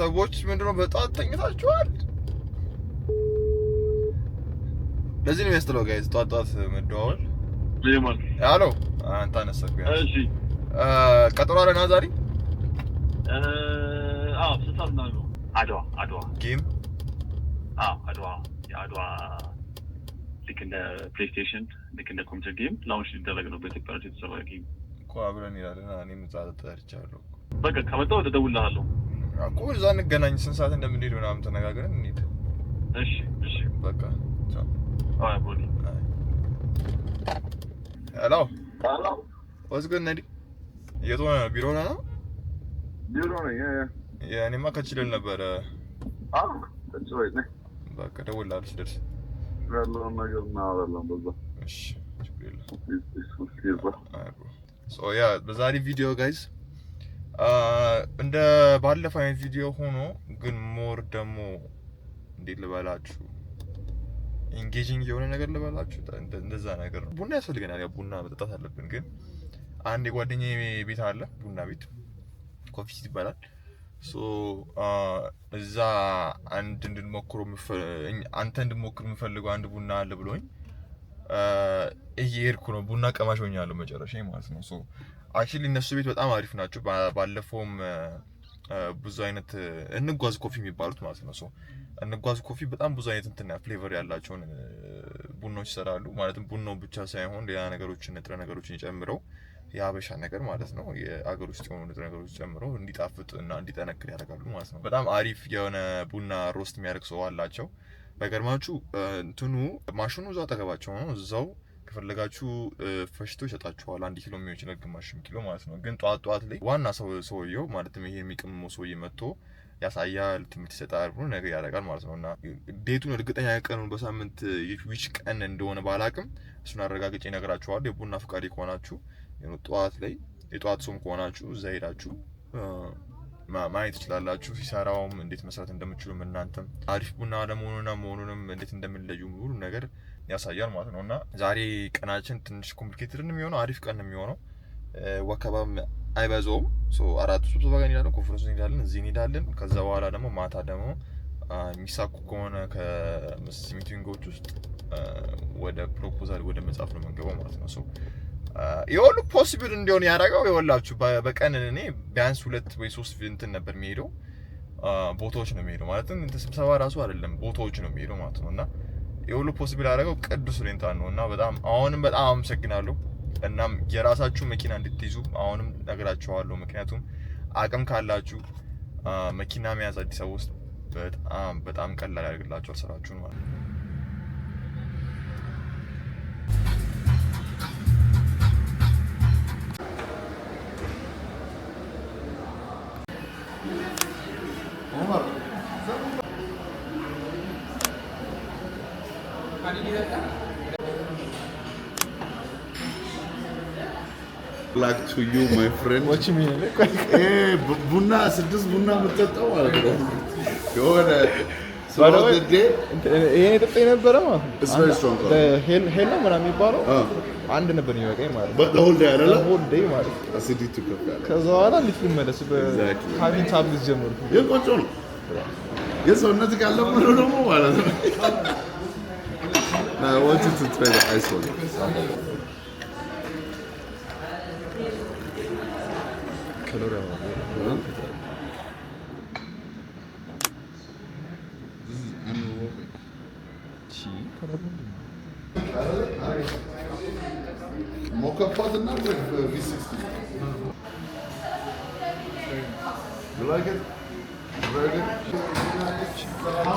ሰዎች ምንድነው በጠዋት ተኝታችኋል? ለዚህ ነው የሚያስጥለው። ጋይዝ ጠዋት ጠዋት መደዋወል። አንተ አነሳክ። እሺ ቀጠሮ አለና ዛሬ አድዋ አድዋ ጌም አድዋ የአድዋ ልክ እንደ ፕሌይስቴሽን ልክ እንደ ኮምፒውተር ጌም ላውንች ሊደረግ ነው በኢትዮጵያ የተሰራ ጌም እኮ አብረን ይላለን። እኔም እዛ ተጠርቻለሁ። በቃ ከመጣሁ እደውልልሃለሁ። እኮ እዛ እንገናኝ። ስንት ሰዓት እንደምንሄድ ምናምን ተነጋግረን እንሂድ። እሺ፣ እሺ። በቃ ሄሎ፣ ወዝግን ነዲ የት ቢሮ ነህ ነው? ቢሮ ነኝ። ከችልል ነበረ። በቃ ደውልልሃለሁ ስደርስ ያለውን ነገር በዛ ያ በዛሬ ቪዲዮ ጋይዝ እንደ ባለፈው አይነት ቪዲዮ ሆኖ ግን ሞር ደግሞ እንዴት ልበላችሁ ኢንጌጂንግ የሆነ ነገር ልበላችሁ እንደዛ ነገር ነው። ቡና ያስፈልገናል፣ ያው ቡና መጠጣት አለብን። ግን አንድ የጓደኛ ቤት አለ ቡና ቤት ኮፊ ይባላል። ሶ እዛ አንድ እንድንሞክሮ አንተ እንድንሞክር የምፈልገው አንድ ቡና አለ ብሎኝ እየሄድኩ ነው። ቡና ቀማሽ ሆኛለሁ መጨረሻ ማለት ነው። አክቹሊ እነሱ ቤት በጣም አሪፍ ናቸው። ባለፈውም ብዙ አይነት እንጓዝ ኮፊ የሚባሉት ማለት ነው። እንጓዝ ኮፊ በጣም ብዙ አይነት እንትን ፍሌቨር ያላቸውን ቡናዎች ይሰራሉ። ማለትም ቡናው ብቻ ሳይሆን ሌላ ነገሮችን ንጥረ ነገሮችን ጨምረው የሀበሻ ነገር ማለት ነው የአገር ውስጥ የሆኑ ንጥረ ነገሮች ጨምረው እንዲጣፍጥ እና እንዲጠነክር ያደርጋሉ ማለት ነው። በጣም አሪፍ የሆነ ቡና ሮስት የሚያደርግ ሰው አላቸው። በገርማችሁ እንትኑ ማሽኑ እዛው አጠገባቸው ነው እዛው ከፈለጋችሁ ፈሽቶ ይሰጣችኋል። አንድ ኪሎ የሚሆን ይችላል ግማሽም ኪሎ ማለት ነው። ግን ጠዋት ጠዋት ላይ ዋና ሰው ሰውየው ማለትም ይሄ የሚቀመመው ሰውዬ መጥቶ ያሳያል፣ ትምህርት ይሰጣል፣ ብሎ ነገር ያደርጋል ማለት ነው እና ዴቱን እርግጠኛ ቀኑን በሳምንት ዊች ቀን እንደሆነ ባላቅም እሱን አረጋግጬ እነግራችኋለሁ። የቡና ፍቃሪ ከሆናችሁ ጠዋት ላይ የጠዋት ሰውም ከሆናችሁ እዛ ሄዳችሁ ማየት ትችላላችሁ። ሲሰራውም እንዴት መስራት እንደምችሉም እናንተም አሪፍ ቡና ለመሆኑና መሆኑንም እንዴት እንደምንለዩ ሁሉ ነገር ያሳያል ማለት ነው። እና ዛሬ ቀናችን ትንሽ ኮምፕሊኬትድ የሚሆነው አሪፍ ቀን የሚሆነው ወከባም አይበዛውም። አራቱ ስብሰባ ጋር እንሄዳለን፣ ኮንፈረንስ እንሄዳለን፣ እዚህ እንሄዳለን። ከዛ በኋላ ደግሞ ማታ ደግሞ የሚሳኩ ከሆነ ከሚቲንጎች ውስጥ ወደ ፕሮፖዛል ወደ መጽሐፍ ነው የምንገባው ማለት ነው። የሁሉ ፖሲብል እንዲሆን ያደረገው የወላችሁ በቀን እኔ ቢያንስ ሁለት ወይ ሶስት እንትን ነበር የሚሄደው ቦታዎች ነው የሚሄደው ማለትም ስብሰባ ራሱ አይደለም ቦታዎች ነው የሚሄደው ማለት ነው እና የሁሉ ፖስብል ያደረገው ቅዱስ ሬንታ ነው እና በጣም አሁንም በጣም አመሰግናለሁ። እናም የራሳችሁ መኪና እንድትይዙ አሁንም ነግራችኋለሁ። ምክንያቱም አቅም ካላችሁ መኪና መያዝ አዲስ አበባ ውስጥ በጣም በጣም ቀላል ያደርግላችኋል ስራችሁን ማለት ነው። ላክ ቱ ዩ ማይ ፍሬንድ ቡና ስድስት ቡና የምጠጣው ማለት ነው። የሆነ የሚባለው አንድ ነበር የሚበቃኝ ማለት ነው። የሰውነት ደግሞ ማለት ነው kalori alıyor. This is anaerobic. Çiğ karabuldum. Mocha for the number V60. You like it? Very good. How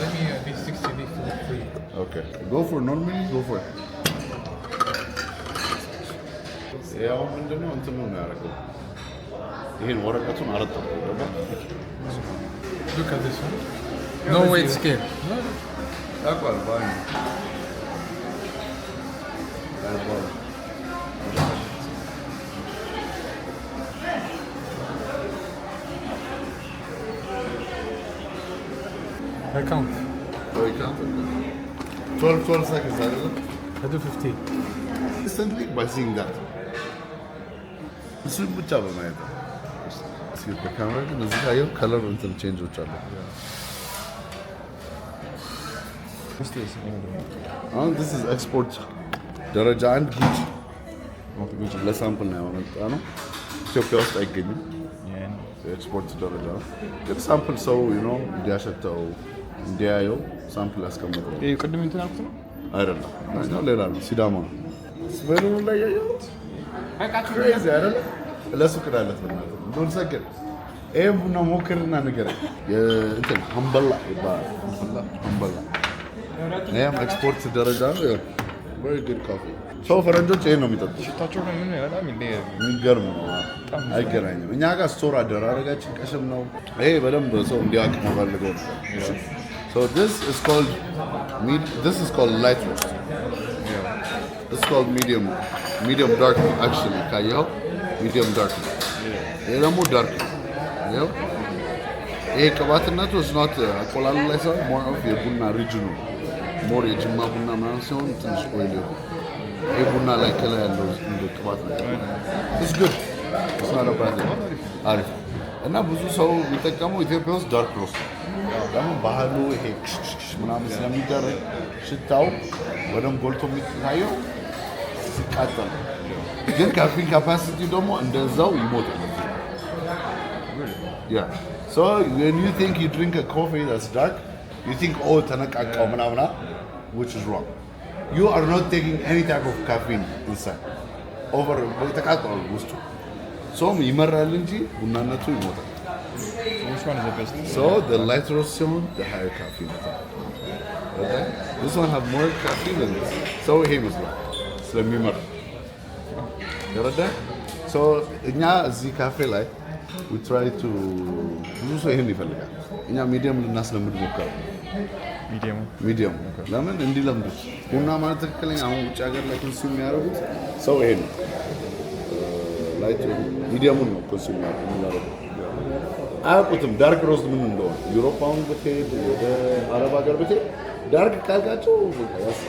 Let me uh, this 60, this is free. Okay. Go for normally, go for it. ያው ምንድነው እንትኑ ነው Look at this one. No way, weight scale. ታውቋል ባይ ታውቋል Account. Your account? Okay. 12, 12 seconds, I don't know. I do 15. Instantly by seeing that. እሱን ብቻ በማየት እስኪ በካሜራ ግን እዚህ ካየው ከለር እንትን ቼንጆች አሉ። አሁን ስ ኤክስፖርት ደረጃ አንድ ጉጭ ለሳምፕል ነው ያመጣ ነው። ኢትዮጵያ ውስጥ አይገኝም። ኤክስፖርት ደረጃ ግን ሳምፕል ሰው ነው እንዲያሸተው እንዲያየው ሳምፕል ያስቀምጠው። ቅድም እንትን አልኩት ነው አይደለም፣ ሌላ ነው። ሲዳማ ስበሉ ላይ ያየሁት ክሬዚ አይደለም። ለሱ ቅዳለት ዶል ሰገድ ይህ ቡና ሞክርና ንገረኝ። እንትን ሀምበላ ይባላል። ሀምበላ ይህም ኤክስፖርት ደረጃ ነው። ሰው ፈረንጆች ይሄን ነው የሚጠጡት። ሽታቸው የሚገርም ነው፣ አይገናኝም። እኛ ጋር ስቶር አደራረጋችን ቀሽም ነው። ይሄ በደንብ ሰው እንዲያውቅ ነው ፈልገው So this is called med- This is called light roast. Yeah. This is called medium, medium dark actually. ካየኸው medium dark ነው። ይሄ ደግሞ ዳርክ ነው። ያው ይሄ ቅባትነቱ ስናት አቆላሉ ላይ ሳይሆን ሞር ኦፍ የቡና ሪጅኑ ሞር የጅማ ቡና ምናምን ሲሆን ትንሽ ኦይል ይሆን ይሄ ቡና ላይ ከላይ ያለው ቅባት ነገር እስ ጉድ ስናረባት አሪፍ እና ብዙ ሰው የሚጠቀመው ኢትዮጵያ ውስጥ ዳርክ ሮስት ነው ደግሞ ባህሉ ይሄ ምናምን ስለሚደረግ ሽታው በደንብ ጎልቶ የሚታየው ሲቃጠል፣ ግን ካፊን ካፓሲቲ ደግሞ እንደዛው ይሞት oh, ተነቃቃው ምናምና which is wrong. You are not taking ይመራል እንጂ ቡናነቱ ይሞታል። Which one is the best? So the lighter serum, the higher caffeine. Okay? This one have more caffeine than this. ሰው ይሄ ይመስላል ስለሚመር ተረዳ። እኛ እዚህ ካፌ ላይ we try to ብዙ ሰው ይሄን ይፈልጋል። እኛ ሚዲየም ልናስለምድ ሞከረ። ሚዲየም ለምን እንዲለምዱት ቡና ማለት ትክክለኛ አሁን ውጭ ሀገር ላይ ኮንሱም የሚያደርጉት ሰው ይሄ ነው። ሚዲየሙን ነው ኮንሱም የሚያደርጉት አያውቁትም ዳርክ ሮዝ ምን እንደሆነ። ዩሮፕ ብትሄድ ወደ አረብ ሀገር ብትሄድ ዳርክ ካልካቸው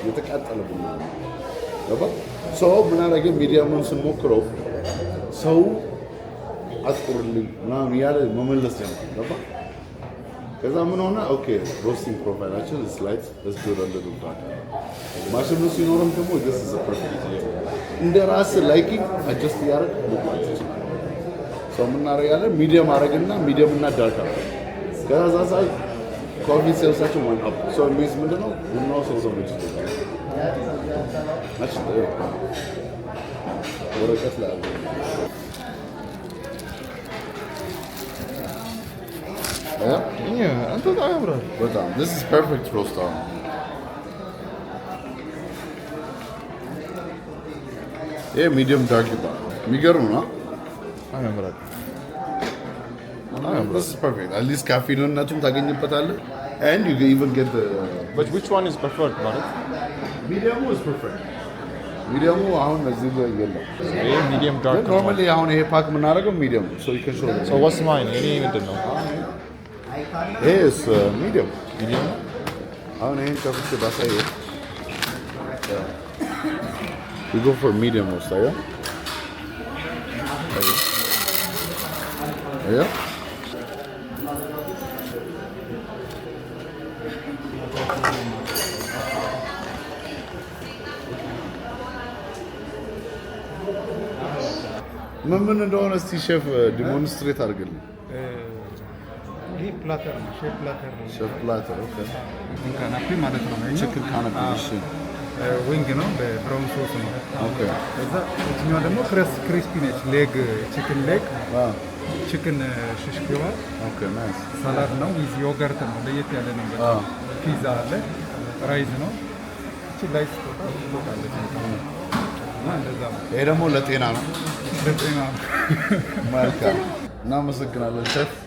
የተቃጠለ ቡና ነው። ሰው ምን አረገ? ሚዲያሙን ስንሞክረው ሰው አጥቁርልኝ ምናምን እያለ መመለስ ጀመረ። ከዛ ምን ሆነ? ኦኬ ሮስቲንግ ፕሮፋይላችን ስላይት ስዶለልዱባል ማሽኑ ሲኖርም ደግሞ ስ እንደ ራስ ላይኪንግ አጀስት እያደረግ መቋጭ ይችላል። ሰው የምናደርጋለን ሚዲየም አደረግና ሚዲየም እና ዳታ አለ። ከዛ ሳይ ኮፊ ሴልሳችን ዋን አፕ ሰው የሚይዝ ቡናው ሰው ሰው ልጅ ወረቀት ላይ አንተ ያምራል። በጣም ይሄ ሚዲየም ዳርክ ይባላል። የሚገርም ነው። በጣም ያምራል። አትሊስት ካፌንነቱም ታገኝበታለህ። ሚዲየሙ አሁን እዚህ ጋር የለም። ኖርማሊ አሁን ይሄ ፓክ የምናደርገው ሚዲየም ነው። uh, አሁን ይሄን ከፍቼ ባሳየው ሚዲየም ነው። Ayo. ምን ምን እንደሆነ እስቲ ሼፍ ዲሞንስትሬት አድርግልን። ሼፍ ፕላተር ካናፔ ማለት ነው። ችክን ካናፔ ዊንግ ነው፣ በብራውን ሶስ ነው። እዛ እችኛዋ ደግሞ ክሪስፒ ነች፣ ሌግ ችክን ሌግ ችክን ሽሽኪዋል ሰላድ ነው። ዊዝ ዮገርት ነው። ለየት ያለ ነው። ፒዛ አለ፣ ራይዝ ነው። እቺ ላይ ስትወጣለች። ይሄ ደግሞ ለጤና ነው። ለጤና ነው። መልካም እናመሰግናለን ሸፍ